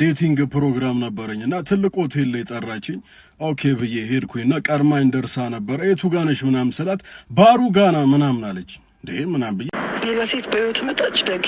ዴቲንግ ፕሮግራም ነበረኝ እና ትልቅ ሆቴል ላይ ጠራችኝ። ኦኬ ብዬ ሄድኩኝ እና ቀድማኝ ደርሳ ነበረ። የቱ ጋ ነሽ ምናምን ስላት ባሩ ጋና ምናምን አለች። እንዴ ምናምን ብዬ ሌላ ሴት በህይወት መጣች። ደግ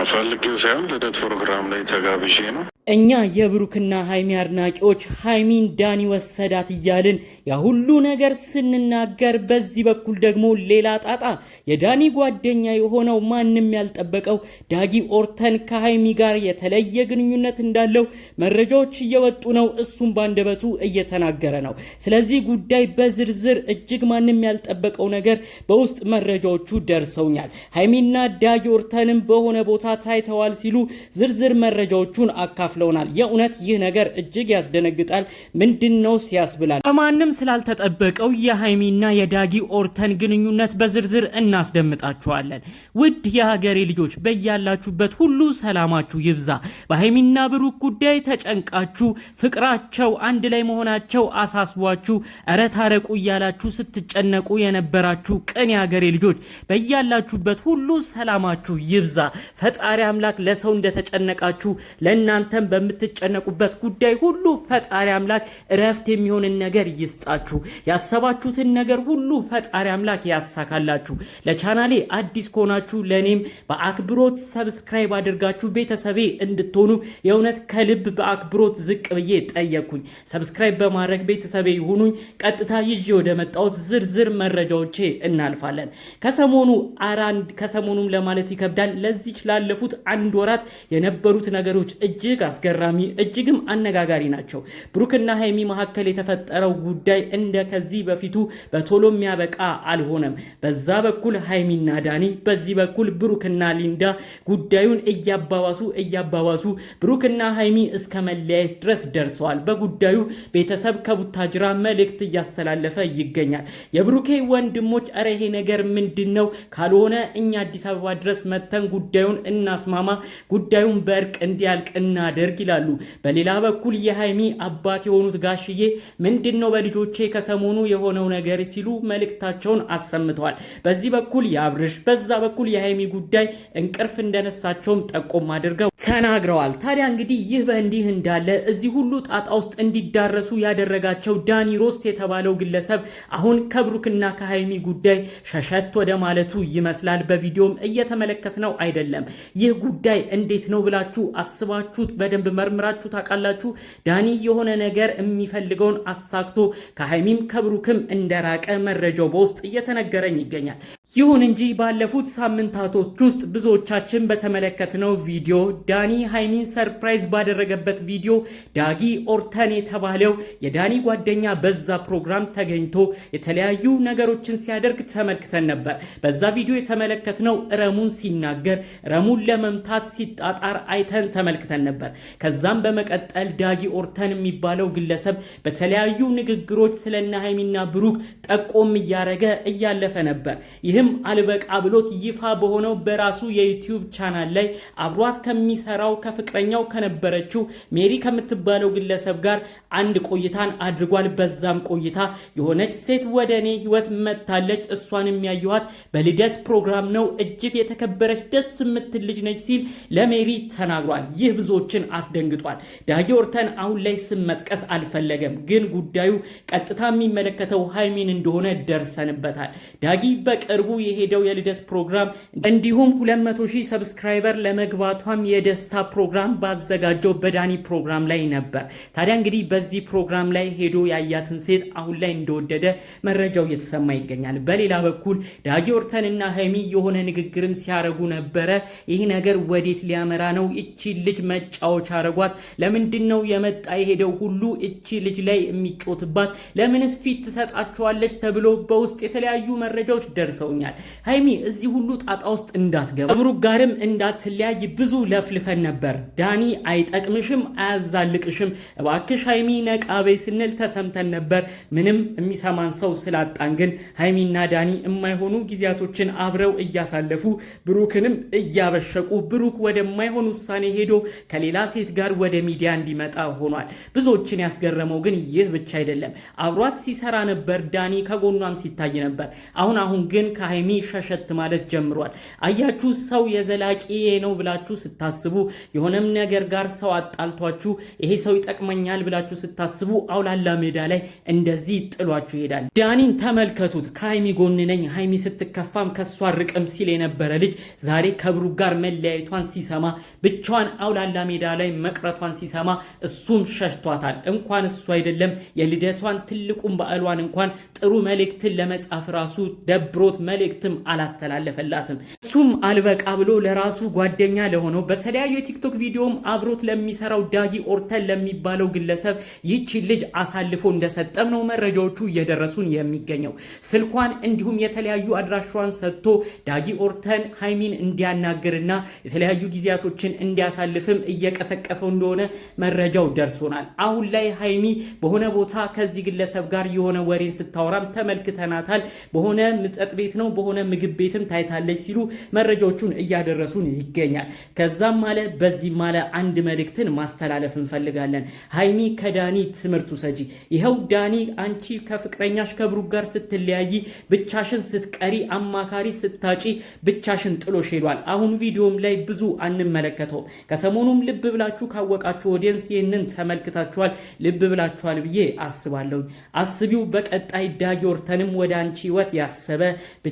አፈልጌው ሳይሆን ልደት ፕሮግራም ላይ ተጋብዤ ነው እኛ የብሩክና ሀይሚ አድናቂዎች ሀይሚን ዳኒ ወሰዳት እያልን ያሁሉ ሁሉ ነገር ስንናገር፣ በዚህ በኩል ደግሞ ሌላ ጣጣ የዳኒ ጓደኛ የሆነው ማንም ያልጠበቀው ዳጊ ኦርተን ከሀይሚ ጋር የተለየ ግንኙነት እንዳለው መረጃዎች እየወጡ ነው። እሱም ባንደበቱ እየተናገረ ነው። ስለዚህ ጉዳይ በዝርዝር እጅግ ማንም ያልጠበቀው ነገር በውስጥ መረጃዎቹ ደርሰውኛል። ሀይሚና ዳጊ ኦርተንም በሆነ ቦታ ታይተዋል ሲሉ ዝርዝር መረጃዎቹን አካፍ አካፍለውናል። የእውነት ይህ ነገር እጅግ ያስደነግጣል፣ ምንድን ነው ሲያስብላል። ከማንም ስላልተጠበቀው የሃይሚና የዳጊ ኦርተን ግንኙነት በዝርዝር እናስደምጣችኋለን። ውድ የሀገሬ ልጆች በያላችሁበት ሁሉ ሰላማችሁ ይብዛ። በሃይሚና ብሩክ ጉዳይ ተጨንቃችሁ ፍቅራቸው አንድ ላይ መሆናቸው አሳስቧችሁ እረ ታረቁ እያላችሁ ስትጨነቁ የነበራችሁ ቅን የሀገሬ ልጆች በያላችሁበት ሁሉ ሰላማችሁ ይብዛ። ፈጣሪ አምላክ ለሰው እንደተጨነቃችሁ ለእናንተ እናንተም በምትጨነቁበት ጉዳይ ሁሉ ፈጣሪ አምላክ እረፍት የሚሆንን ነገር ይስጣችሁ። ያሰባችሁትን ነገር ሁሉ ፈጣሪ አምላክ ያሳካላችሁ። ለቻናሌ አዲስ ከሆናችሁ ለእኔም በአክብሮት ሰብስክራይብ አድርጋችሁ ቤተሰቤ እንድትሆኑ የእውነት ከልብ በአክብሮት ዝቅ ብዬ ጠየቅኩኝ። ሰብስክራይብ በማድረግ ቤተሰቤ ይሁኑኝ። ቀጥታ ይዤ ወደ መጣሁት ዝርዝር መረጃዎቼ እናልፋለን። ከሰሞኑ አራንድ ከሰሞኑም ለማለት ይከብዳል ለዚች ላለፉት አንድ ወራት የነበሩት ነገሮች እጅግ አስገራሚ እጅግም አነጋጋሪ ናቸው። ብሩክና ሀይሚ መካከል የተፈጠረው ጉዳይ እንደ ከዚህ በፊቱ በቶሎ የሚያበቃ አልሆነም። በዛ በኩል ሀይሚና ዳኒ፣ በዚህ በኩል ብሩክና ሊንዳ ጉዳዩን እያባባሱ እያባባሱ ብሩክና ሀይሚ እስከ መለያየት ድረስ ደርሰዋል። በጉዳዩ ቤተሰብ ከቡታጅራ መልእክት እያስተላለፈ ይገኛል። የብሩኬ ወንድሞች እረ ይሄ ነገር ምንድን ነው? ካልሆነ እኛ አዲስ አበባ ድረስ መተን ጉዳዩን እናስማማ፣ ጉዳዩን በእርቅ እንዲያልቅ እናደ አደርግ ይላሉ። በሌላ በኩል የሀይሚ አባት የሆኑት ጋሽዬ ምንድን ነው በልጆቼ ከሰሞኑ የሆነው ነገር ሲሉ መልእክታቸውን አሰምተዋል። በዚህ በኩል የአብርሽ በዛ በኩል የሀይሚ ጉዳይ እንቅልፍ እንደነሳቸውም ጠቆም አድርገው ተናግረዋል። ታዲያ እንግዲህ ይህ በእንዲህ እንዳለ እዚህ ሁሉ ጣጣ ውስጥ እንዲዳረሱ ያደረጋቸው ዳኒ ሮስት የተባለው ግለሰብ አሁን ከብሩክና ከሀይሚ ጉዳይ ሸሸት ወደ ማለቱ ይመስላል። በቪዲዮም እየተመለከትነው አይደለም። ይህ ጉዳይ እንዴት ነው ብላችሁ አስባችሁት በደንብ መርምራችሁ ታውቃላችሁ። ዳኒ የሆነ ነገር የሚፈልገውን አሳክቶ ከሀይሚም ከብሩክም እንደራቀ መረጃው በውስጥ እየተነገረኝ ይገኛል። ይሁን እንጂ ባለፉት ሳምንታቶች ውስጥ ብዙዎቻችን በተመለከትነው ቪዲዮ ዳኒ ሃይሚን ሰርፕራይዝ ባደረገበት ቪዲዮ ዳጊ ኦርተን የተባለው የዳኒ ጓደኛ በዛ ፕሮግራም ተገኝቶ የተለያዩ ነገሮችን ሲያደርግ ተመልክተን ነበር። በዛ ቪዲዮ የተመለከትነው እረሙን ሲናገር፣ እረሙን ለመምታት ሲጣጣር አይተን ተመልክተን ነበር። ከዛም በመቀጠል ዳጊ ኦርተን የሚባለው ግለሰብ በተለያዩ ንግግሮች ስለነ ሃይሚና ብሩክ ጠቆም እያደረገ እያለፈ ነበር። ምንም አልበቃ ብሎት ይፋ በሆነው በራሱ የዩቲዩብ ቻናል ላይ አብሯት ከሚሰራው ከፍቅረኛው ከነበረችው ሜሪ ከምትባለው ግለሰብ ጋር አንድ ቆይታን አድርጓል። በዛም ቆይታ የሆነች ሴት ወደ እኔ ህይወት መታለች፣ እሷን የሚያየኋት በልደት ፕሮግራም ነው፣ እጅግ የተከበረች ደስ የምትል ልጅ ነች ሲል ለሜሪ ተናግሯል። ይህ ብዙዎችን አስደንግጧል። ዳጊ ኦርተን አሁን ላይ ስም መጥቀስ አልፈለገም፣ ግን ጉዳዩ ቀጥታ የሚመለከተው ሃይሚን እንደሆነ ደርሰንበታል። ዳጊ በቅርቡ የሄደው የልደት ፕሮግራም እንዲሁም 200 ሺህ ሰብስክራይበር ለመግባቷም የደስታ ፕሮግራም ባዘጋጀው በዳኒ ፕሮግራም ላይ ነበር። ታዲያ እንግዲህ በዚህ ፕሮግራም ላይ ሄዶ ያያትን ሴት አሁን ላይ እንደወደደ መረጃው እየተሰማ ይገኛል። በሌላ በኩል ዳጊ ኦርተን እና ሀይሚ የሆነ ንግግርም ሲያረጉ ነበረ። ይህ ነገር ወዴት ሊያመራ ነው? እቺ ልጅ መጫወቻ አረጓት። ለምንድን ነው የመጣ የሄደው ሁሉ እቺ ልጅ ላይ የሚጮትባት? ለምንስ ፊት ትሰጣቸዋለች? ተብሎ በውስጥ የተለያዩ መረጃዎች ደርሰውኛል። ብሎኛል። ሀይሚ እዚህ ሁሉ ጣጣ ውስጥ እንዳትገባ ብሩክ ጋርም እንዳትለያይ ብዙ ለፍልፈን ነበር። ዳኒ አይጠቅምሽም፣ አያዛልቅሽም፣ እባክሽ ሀይሚ ነቃ ስንል ተሰምተን ነበር። ምንም የሚሰማን ሰው ስላጣን ግን ሀይሚና ዳኒ የማይሆኑ ጊዜያቶችን አብረው እያሳለፉ ብሩክንም እያበሸቁ ብሩክ ወደማይሆን ውሳኔ ሄዶ ከሌላ ሴት ጋር ወደ ሚዲያ እንዲመጣ ሆኗል። ብዙዎችን ያስገረመው ግን ይህ ብቻ አይደለም። አብሯት ሲሰራ ነበር ዳኒ ከጎኗም ሲታይ ነበር። አሁን አሁን ግን ከ ከካህሚ ሸሸት ማለት ጀምሯል። አያችሁ ሰው የዘላቂ ነው ብላችሁ ስታስቡ የሆነም ነገር ጋር ሰው አጣልቷችሁ ይሄ ሰው ይጠቅመኛል ብላችሁ ስታስቡ አውላላ ሜዳ ላይ እንደዚህ ጥሏችሁ ይሄዳል። ዳኒን ተመልከቱት። ከሀይሚ ጎን ነኝ፣ ሀይሚ ስትከፋም ከሷ ርቅም ሲል የነበረ ልጅ ዛሬ ከብሩ ጋር መለያየቷን ሲሰማ ብቻዋን አውላላ ሜዳ ላይ መቅረቷን ሲሰማ እሱም ሸሽቷታል። እንኳን እሱ አይደለም የልደቷን ትልቁን በዓሏን እንኳን ጥሩ መልእክትን ለመጻፍ ራሱ ደብሮት መልእክትም አላስተላለፈላትም። እሱም አልበቃ ብሎ ለራሱ ጓደኛ ለሆነው በተለያዩ የቲክቶክ ቪዲዮም አብሮት ለሚሰራው ዳጊ ኦርተን ለሚባለው ግለሰብ ይቺ ልጅ አሳልፎ እንደሰጠም ነው መረጃዎቹ እየደረሱን የሚገኘው። ስልኳን እንዲሁም የተለያዩ አድራሻዋን ሰጥቶ ዳጊ ኦርተን ሃይሚን እንዲያናግርና የተለያዩ ጊዜያቶችን እንዲያሳልፍም እየቀሰቀሰው እንደሆነ መረጃው ደርሶናል። አሁን ላይ ሃይሚ በሆነ ቦታ ከዚህ ግለሰብ ጋር የሆነ ወሬን ስታወራም ተመልክተናታል። በሆነ ምጠጥ ቤት ነው ነው በሆነ ምግብ ቤትም ታይታለች ሲሉ መረጃዎቹን እያደረሱን ይገኛል። ከዛም ማለ በዚህ ማለ አንድ መልእክትን ማስተላለፍ እንፈልጋለን። ሀይሚ ከዳኒ ትምህርቱ ሰጂ ይኸው ዳኒ አንቺ ከፍቅረኛሽ ከብሩክ ጋር ስትለያይ ብቻሽን ስትቀሪ አማካሪ ስታጪ ብቻሽን ጥሎሽ ሄዷል። አሁን ቪዲዮም ላይ ብዙ አንመለከተውም። ከሰሞኑም ልብ ብላችሁ ካወቃችሁ ኦዲየንስ ይህንን ተመልክታችኋል፣ ልብ ብላችኋል ብዬ አስባለሁ። አስቢው በቀጣይ ዳጊ ወርተንም ወደ አንቺ ህይወት ያሰበ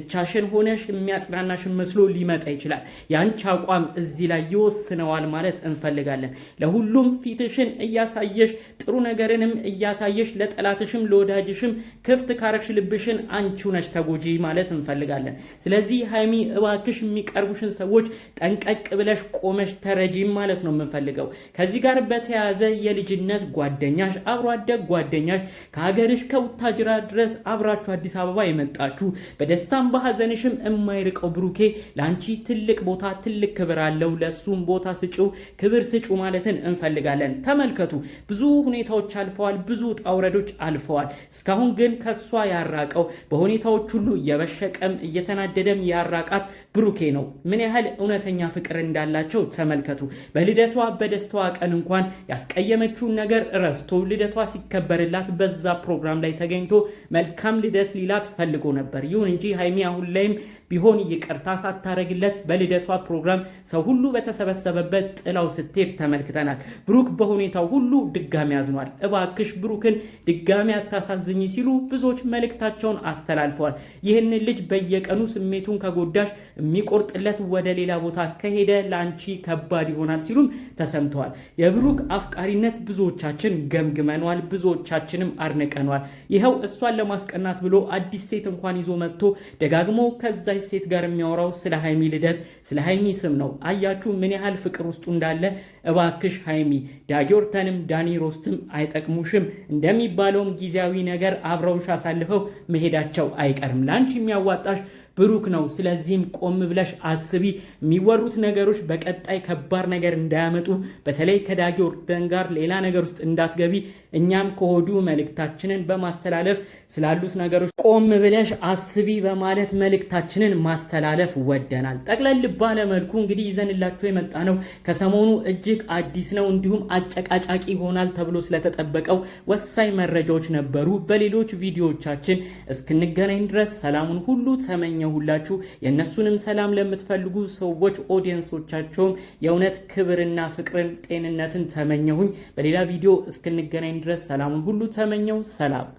ብቻሽን ሆነሽ የሚያጽናናሽ መስሎ ሊመጣ ይችላል። ያንቺ አቋም እዚህ ላይ ይወስነዋል ማለት እንፈልጋለን። ለሁሉም ፊትሽን እያሳየሽ ጥሩ ነገርንም እያሳየሽ ለጠላትሽም ለወዳጅሽም ክፍት ካረግሽ ልብሽን አንቺ ነሽ ተጎጂ ማለት እንፈልጋለን። ስለዚህ ሀይሚ እባክሽ የሚቀርቡሽን ሰዎች ጠንቀቅ ብለሽ ቆመሽ ተረጂም ማለት ነው የምንፈልገው። ከዚህ ጋር በተያያዘ የልጅነት ጓደኛሽ አብሮ አደግ ጓደኛሽ ከሀገርሽ ከውታጅራ ድረስ አብራችሁ አዲስ አበባ የመጣችሁ በደስታም በሐዘንሽም የማይርቀው ብሩኬ ለአንቺ ትልቅ ቦታ ትልቅ ክብር አለው። ለእሱም ቦታ ስጭው፣ ክብር ስጩ ማለትን እንፈልጋለን። ተመልከቱ፣ ብዙ ሁኔታዎች አልፈዋል፣ ብዙ ጣውረዶች አልፈዋል። እስካሁን ግን ከእሷ ያራቀው በሁኔታዎች ሁሉ እየበሸቀም እየተናደደም ያራቃት ብሩኬ ነው። ምን ያህል እውነተኛ ፍቅር እንዳላቸው ተመልከቱ። በልደቷ በደስታዋ ቀን እንኳን ያስቀየመችውን ነገር ረስቶ ልደቷ ሲከበርላት በዛ ፕሮግራም ላይ ተገኝቶ መልካም ልደት ሊላት ፈልጎ ነበር። ይሁን እንጂ ሃይሚ አሁን ላይም ቢሆን ይቅርታ ሳታረግለት በልደቷ ፕሮግራም ሰው ሁሉ በተሰበሰበበት ጥላው ስትሄድ ተመልክተናል። ብሩክ በሁኔታው ሁሉ ድጋሚ አዝኗል። እባክሽ ብሩክን ድጋሚ አታሳዝኝ ሲሉ ብዙዎች መልእክታቸውን አስተላልፈዋል። ይህንን ልጅ በየቀኑ ስሜቱን ከጎዳሽ የሚቆርጥለት ወደ ሌላ ቦታ ከሄደ ለአንቺ ከባድ ይሆናል ሲሉም ተሰምተዋል። የብሩክ አፍቃሪነት ብዙዎቻችን ገምግመኗል ብዙዎቻችንም አድንቀነዋል። ይኸው እሷን ለማስቀናት ብሎ አዲስ ሴት እንኳን ይዞ መጥቶ ደጋግሞ ከዛች ሴት ጋር የሚያወራው ስለ ሀይሚ ልደት፣ ስለ ሀይሚ ስም ነው። አያችሁ ምን ያህል ፍቅር ውስጡ እንዳለ። እባክሽ ሀይሚ ዳጊ ኦርተንም ዳኒ ሮስትም አይጠቅሙሽም። እንደሚባለውም ጊዜያዊ ነገር አብረውሽ አሳልፈው መሄዳቸው አይቀርም። ለአንቺ የሚያዋጣሽ ብሩክ ነው። ስለዚህም ቆም ብለሽ አስቢ። የሚወሩት ነገሮች በቀጣይ ከባድ ነገር እንዳያመጡ፣ በተለይ ከዳጊ ኦርደን ጋር ሌላ ነገር ውስጥ እንዳትገቢ እኛም ከሆዱ መልእክታችንን በማስተላለፍ ስላሉት ነገሮች ቆም ብለሽ አስቢ በማለት መልእክታችንን ማስተላለፍ ወደናል። ጠቅለል ባለ መልኩ እንግዲህ ይዘንላቸው የመጣ ነው። ከሰሞኑ እጅግ አዲስ ነው እንዲሁም አጨቃጫቂ ይሆናል ተብሎ ስለተጠበቀው ወሳኝ መረጃዎች ነበሩ። በሌሎች ቪዲዮዎቻችን እስክንገናኝ ድረስ ሰላሙን ሁሉ ተመኘው። ሁላችሁ የእነሱንም ሰላም ለምትፈልጉ ሰዎች ኦዲየንሶቻቸውም የእውነት ክብርና ፍቅርን ጤንነትን ተመኘሁኝ። በሌላ ቪዲዮ እስክንገናኝ ድረስ ሰላሙን ሁሉ ተመኘው። ሰላም